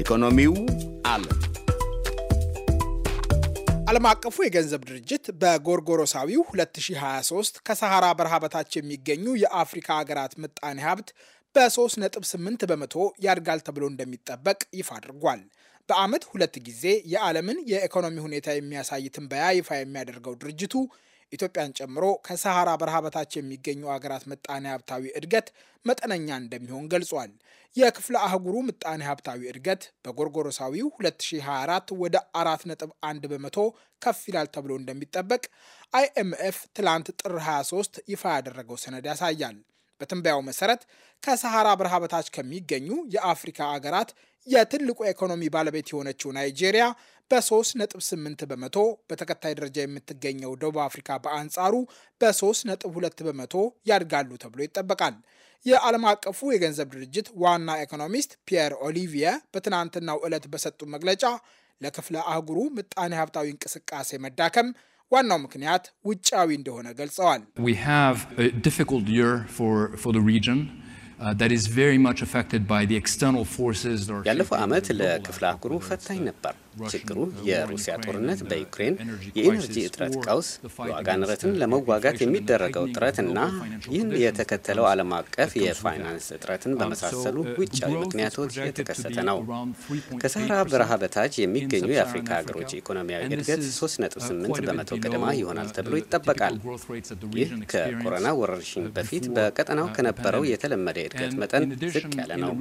ኢኮኖሚው አለ። ዓለም አቀፉ የገንዘብ ድርጅት በጎርጎሮሳዊው 2023 ከሰሃራ በረሃ በታች የሚገኙ የአፍሪካ ሀገራት ምጣኔ ሀብት በ3.8 በመቶ ያድጋል ተብሎ እንደሚጠበቅ ይፋ አድርጓል። በዓመት ሁለት ጊዜ የዓለምን የኢኮኖሚ ሁኔታ የሚያሳይ ትንበያ ይፋ የሚያደርገው ድርጅቱ ኢትዮጵያን ጨምሮ ከሰሃራ በረሃ በታች የሚገኙ ሀገራት ምጣኔ ሀብታዊ እድገት መጠነኛ እንደሚሆን ገልጿል። የክፍለ አህጉሩ ምጣኔ ሀብታዊ እድገት በጎርጎሮሳዊው 2024 ወደ 4.1 በመቶ ከፍ ይላል ተብሎ እንደሚጠበቅ አይኤምኤፍ ትላንት ጥር 23 ይፋ ያደረገው ሰነድ ያሳያል። በትንበያው መሰረት ከሰሃራ በረሃ በታች ከሚገኙ የአፍሪካ አገራት የትልቁ ኢኮኖሚ ባለቤት የሆነችው ናይጄሪያ በ3.8 በመቶ፣ በተከታይ ደረጃ የምትገኘው ደቡብ አፍሪካ በአንጻሩ በ3.2 በመቶ ያድጋሉ ተብሎ ይጠበቃል። የዓለም አቀፉ የገንዘብ ድርጅት ዋና ኢኮኖሚስት ፒየር ኦሊቪየ በትናንትናው ዕለት በሰጡ መግለጫ ለክፍለ አህጉሩ ምጣኔ ሀብታዊ እንቅስቃሴ መዳከም ዋናው ምክንያት ውጫዊ እንደሆነ ገልጸዋል። uh, ያለፈው ዓመት ለክፍለ አህጉሩ ፈታኝ ነበር። ችግሩ የሩሲያ ጦርነት በዩክሬን የኢነርጂ እጥረት ቀውስ፣ የዋጋ ንረትን ለመዋጋት የሚደረገው ጥረት እና ይህን የተከተለው ዓለም አቀፍ የፋይናንስ እጥረትን በመሳሰሉ uh, ውጫዊ ምክንያቶች የተከሰተ ነው። ከሳህራ በረሃ በታች የሚገኙ የአፍሪካ ሀገሮች ኢኮኖሚያዊ እድገት 3.8 uh, በመቶ ገደማ uh, ይሆናል ተብሎ ይጠበቃል። ይህ ከኮሮና ወረርሽኝ በፊት በቀጠናው ከነበረው የተለመደ የእድገት መጠን ዝቅ ያለ ነው።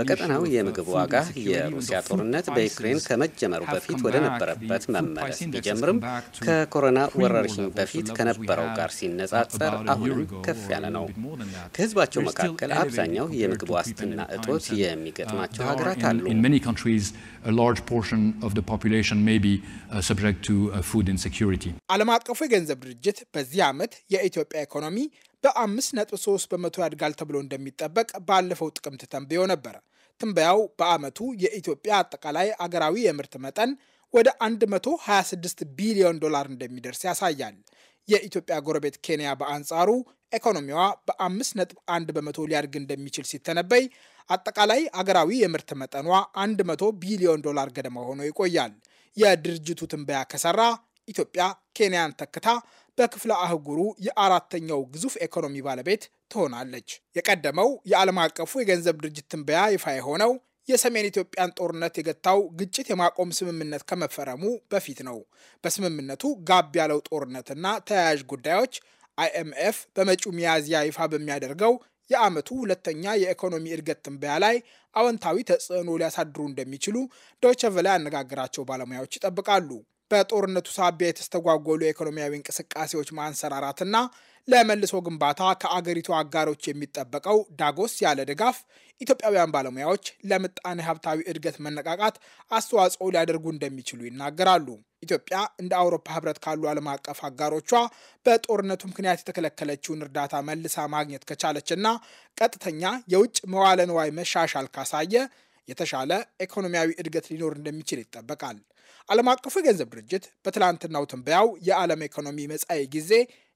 በቀጠናው የምግብ ዋጋ የሩሲያ ጦርነት በዩክሬን ከመ ከመጀመሩ በፊት ወደ ነበረበት መመለስ ቢጀምርም ከኮሮና ወረርሽኝ በፊት ከነበረው ጋር ሲነጻጸር አሁንም ከፍ ያለ ነው። ከህዝባቸው መካከል አብዛኛው የምግብ ዋስትና እጦት የሚገጥማቸው uh, ሀገራት አሉ። uh, uh, ዓለም አቀፉ የገንዘብ ድርጅት በዚህ ዓመት የኢትዮጵያ ኢኮኖሚ በ5.3 በመቶ ያድጋል ተብሎ እንደሚጠበቅ ባለፈው ጥቅምት ተንብዮ ነበር። ትንበያው በዓመቱ የኢትዮጵያ አጠቃላይ አገራዊ የምርት መጠን ወደ 126 ቢሊዮን ዶላር እንደሚደርስ ያሳያል። የኢትዮጵያ ጎረቤት ኬንያ በአንጻሩ ኢኮኖሚዋ በ5.1 በመቶ ሊያድግ እንደሚችል ሲተነበይ አጠቃላይ አገራዊ የምርት መጠኗ 100 ቢሊዮን ዶላር ገደማ ሆኖ ይቆያል። የድርጅቱ ትንበያ ከሰራ ኢትዮጵያ ኬንያን ተክታ በክፍለ አህጉሩ የአራተኛው ግዙፍ ኢኮኖሚ ባለቤት ትሆናለች። የቀደመው የዓለም አቀፉ የገንዘብ ድርጅት ትንበያ ይፋ የሆነው የሰሜን ኢትዮጵያን ጦርነት የገታው ግጭት የማቆም ስምምነት ከመፈረሙ በፊት ነው። በስምምነቱ ጋብ ያለው ጦርነትና ተያያዥ ጉዳዮች አይኤምኤፍ በመጪው ሚያዝያ ይፋ በሚያደርገው የዓመቱ ሁለተኛ የኢኮኖሚ እድገት ትንበያ ላይ አዎንታዊ ተጽዕኖ ሊያሳድሩ እንደሚችሉ ዶቸቨላ ያነጋግራቸው ባለሙያዎች ይጠብቃሉ። በጦርነቱ ሳቢያ የተስተጓጎሉ የኢኮኖሚያዊ እንቅስቃሴዎች ማንሰራራትና ለመልሶ ግንባታ ከአገሪቱ አጋሮች የሚጠበቀው ዳጎስ ያለ ድጋፍ ኢትዮጵያውያን ባለሙያዎች ለምጣኔ ሀብታዊ እድገት መነቃቃት አስተዋጽኦ ሊያደርጉ እንደሚችሉ ይናገራሉ። ኢትዮጵያ እንደ አውሮፓ ሕብረት ካሉ ዓለም አቀፍ አጋሮቿ በጦርነቱ ምክንያት የተከለከለችውን እርዳታ መልሳ ማግኘት ከቻለችና ቀጥተኛ የውጭ መዋለ ንዋይ መሻሻል ካሳየ የተሻለ ኢኮኖሚያዊ እድገት ሊኖር እንደሚችል ይጠበቃል። ዓለም አቀፉ የገንዘብ ድርጅት በትላንትናው ትንበያው የዓለም ኢኮኖሚ መጻኢ ጊዜ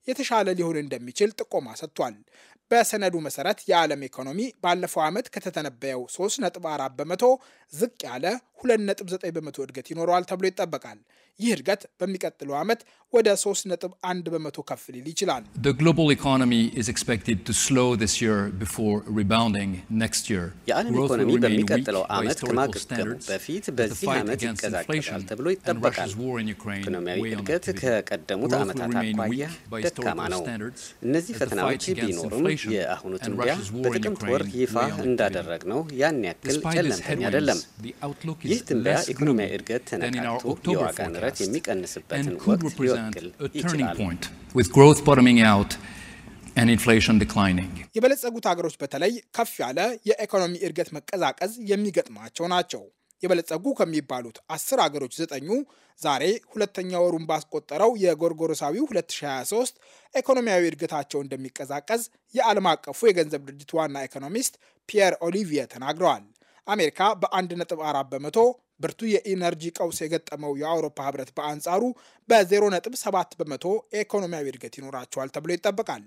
የተሻለ ሊሆን እንደሚችል ጥቆማ ሰጥቷል። በሰነዱ መሰረት የዓለም ኢኮኖሚ ባለፈው ዓመት ከተተነበየው 3.4 በመቶ ዝቅ ያለ 2.9 በመቶ እድገት ይኖረዋል ተብሎ ይጠበቃል። ይህ እድገት በሚቀጥለው ዓመት ወደ 3.1 በመቶ ከፍ ሊል ይችላል። የዓለም ኢኮኖሚ በሚቀጥለው ዓመት ከማገገሙ በፊት በዚህ ዓመት ይቀዛቀዛል ይቀጥላል ተብሎ ይጠበቃል። ኢኮኖሚያዊ እድገት ከቀደሙት ዓመታት አኳያ ደካማ ነው። እነዚህ ፈተናዎች ቢኖሩም የአሁኑ ትንበያ በጥቅምት ወር ይፋ እንዳደረግ ነው ያን ያክል ጨለምተኛ አይደለም። ይህ ትንበያ ኢኮኖሚያዊ እድገት ተነካክቶ የዋጋ ንረት የሚቀንስበትን ወቅት ሊወክል ይችላል። የበለጸጉት ሀገሮች በተለይ ከፍ ያለ የኢኮኖሚ እድገት መቀዛቀዝ የሚገጥማቸው ናቸው። የበለጸጉ ከሚባሉት አስር አገሮች ዘጠኙ ዛሬ ሁለተኛ ወሩን ባስቆጠረው የጎርጎሮሳዊው 2023 ኢኮኖሚያዊ እድገታቸው እንደሚቀዛቀዝ የዓለም አቀፉ የገንዘብ ድርጅት ዋና ኢኮኖሚስት ፒየር ኦሊቪየ ተናግረዋል። አሜሪካ በ1.4 በመቶ ብርቱ የኢነርጂ ቀውስ የገጠመው የአውሮፓ ህብረት በአንጻሩ በ0.7 በመቶ ኢኮኖሚያዊ እድገት ይኖራቸዋል ተብሎ ይጠበቃል።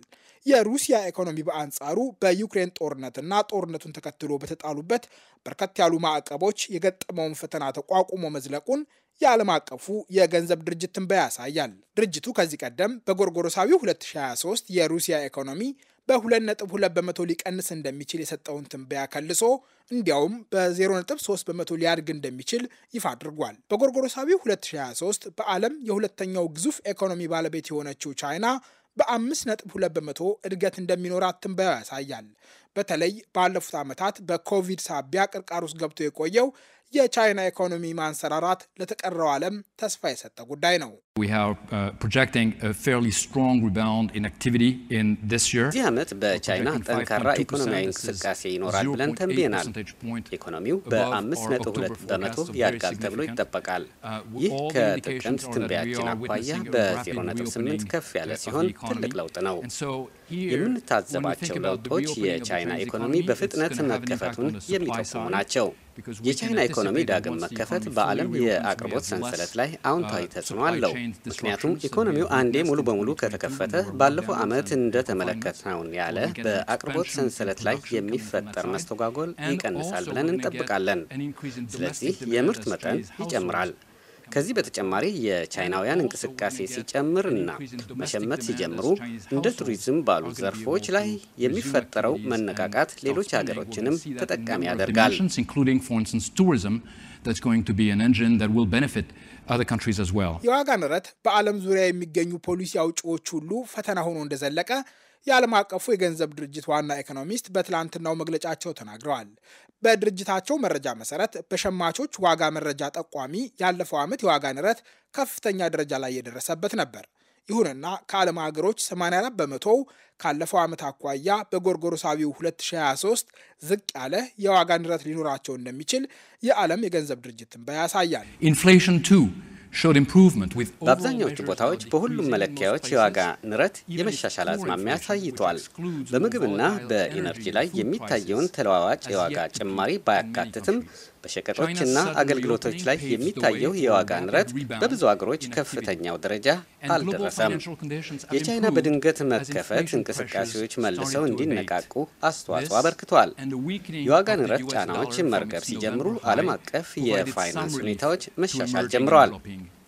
የሩሲያ ኢኮኖሚ በአንጻሩ በዩክሬን ጦርነትና ጦርነቱን ተከትሎ በተጣሉበት በርከት ያሉ ማዕቀቦች የገጠመውን ፈተና ተቋቁሞ መዝለቁን የዓለም አቀፉ የገንዘብ ድርጅት ትንበያ ያሳያል። ድርጅቱ ከዚህ ቀደም በጎርጎሮሳዊው 2023 የሩሲያ ኢኮኖሚ በ2.2 በመቶ ሊቀንስ እንደሚችል የሰጠውን ትንበያ ከልሶ እንዲያውም በ0.3 በመቶ ሊያድግ እንደሚችል ይፋ አድርጓል። በጎርጎሮሳዊው 2023 በዓለም የሁለተኛው ግዙፍ ኢኮኖሚ ባለቤት የሆነችው ቻይና በ5.2 በመቶ እድገት እንደሚኖራት ትንበያ ያሳያል። በተለይ ባለፉት ዓመታት በኮቪድ ሳቢያ ቅርቃር ውስጥ ገብቶ የቆየው የቻይና ኢኮኖሚ ማንሰራራት ለተቀረው ዓለም ተስፋ የሰጠ ጉዳይ ነው። ይህ በቻይና ጠንካራ ኢኮኖሚያዊ እንቅስቃሴ ይኖራል ብለን ተንብየናል። ኢኮኖሚው በአምስት ነጥብ ሁለት በመቶ ያድጋል ተብሎ ይጠበቃል። ይህ ከጥቅምት ትንበያችን አኳያ በዜሮ ነጥብ ስምንት ከፍ ያለ ሲሆን ትልቅ ለውጥ ነው። የምንታዘባቸው ለውጦች የቻይና ኢኮኖሚ በፍጥነት መከፈቱን የሚጠቁሙ ናቸው። የቻይና ኢኮኖሚ ዳግም መከፈት በዓለም የአቅርቦት ሰንሰለት ላይ አውንታዊ ተጽዕኖ አለው። ምክንያቱም ኢኮኖሚው አንዴ ሙሉ በሙሉ ከተከፈተ ባለፈው ዓመት እንደተመለከትነውን ያለ በአቅርቦት ሰንሰለት ላይ የሚፈጠር መስተጓጎል ይቀንሳል ብለን እንጠብቃለን። ስለዚህ የምርት መጠን ይጨምራል። ከዚህ በተጨማሪ የቻይናውያን እንቅስቃሴ ሲጨምር እና መሸመት ሲጀምሩ እንደ ቱሪዝም ባሉ ዘርፎች ላይ የሚፈጠረው መነቃቃት ሌሎች ሀገሮችንም ተጠቃሚ ያደርጋል። የዋጋ ንረት በዓለም ዙሪያ የሚገኙ ፖሊሲ አውጪዎች ሁሉ ፈተና ሆኖ እንደዘለቀ የዓለም አቀፉ የገንዘብ ድርጅት ዋና ኢኮኖሚስት በትላንትናው መግለጫቸው ተናግረዋል። በድርጅታቸው መረጃ መሰረት በሸማቾች ዋጋ መረጃ ጠቋሚ ያለፈው ዓመት የዋጋ ንረት ከፍተኛ ደረጃ ላይ የደረሰበት ነበር። ይሁንና ከዓለም ሀገሮች 84 በመቶ ካለፈው ዓመት አኳያ በጎርጎሮሳቢው 2023 ዝቅ ያለ የዋጋ ንረት ሊኖራቸው እንደሚችል የዓለም የገንዘብ ድርጅት ትንበያ ያሳያል። ኢንፍሌሽን በአብዛኛዎቹ ቦታዎች በሁሉም መለኪያዎች የዋጋ ንረት የመሻሻል አዝማሚያ አሳይቷል። በምግብና በኢነርጂ ላይ የሚታየውን ተለዋዋጭ የዋጋ ጭማሪ ባያካትትም በሸቀጦችና አገልግሎቶች ላይ የሚታየው የዋጋ ንረት በብዙ አገሮች ከፍተኛው ደረጃ አልደረሰም። የቻይና በድንገት መከፈት እንቅስቃሴዎች መልሰው እንዲነቃቁ አስተዋጽኦ አበርክቷል። የዋጋ ንረት ጫናዎች መርገብ ሲጀምሩ ዓለም አቀፍ የፋይናንስ ሁኔታዎች መሻሻል ጀምረዋል።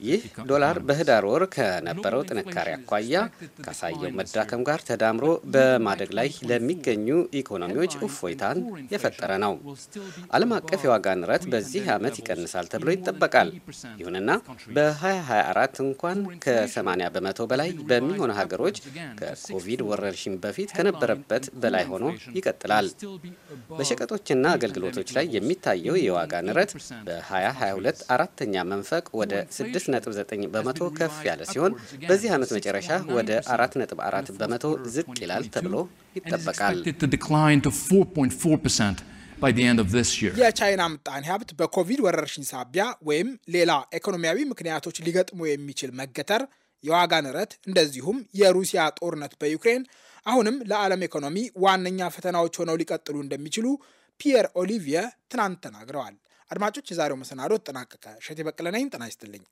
ይህ ዶላር በህዳር ወር ከነበረው ጥንካሬ አኳያ ካሳየው መዳከም ጋር ተዳምሮ በማደግ ላይ ለሚገኙ ኢኮኖሚዎች እፎይታን የፈጠረ ነው። ዓለም አቀፍ የዋጋ ንረት በዚህ ዓመት ይቀንሳል ተብሎ ይጠበቃል። ይሁንና በ2024 እንኳን ከ80 በመቶ በላይ በሚሆኑ ሀገሮች ከኮቪድ ወረርሽኝ በፊት ከነበረበት በላይ ሆኖ ይቀጥላል። በሸቀጦችና አገልግሎቶች ላይ የሚታየው የዋጋ ንረት በ2022 አራተኛ መንፈቅ ወደ 6 9 በመቶ ከፍ ያለ ሲሆን በዚህ ዓመት መጨረሻ ወደ 4.4 በመቶ ዝቅ ይላል ተብሎ ይጠበቃል። የቻይና ምጣኔ ሀብት በኮቪድ ወረርሽኝ ሳቢያ ወይም ሌላ ኢኮኖሚያዊ ምክንያቶች ሊገጥሙ የሚችል መገተር፣ የዋጋ ንረት፣ እንደዚሁም የሩሲያ ጦርነት በዩክሬን አሁንም ለዓለም ኢኮኖሚ ዋነኛ ፈተናዎች ሆነው ሊቀጥሉ እንደሚችሉ ፒየር ኦሊቪየ ትናንት ተናግረዋል። አድማጮች፣ የዛሬው መሰናዶ ተጠናቀቀ። እሸቴ በቀለ ነኝ። ጤና ይስጥልኝ።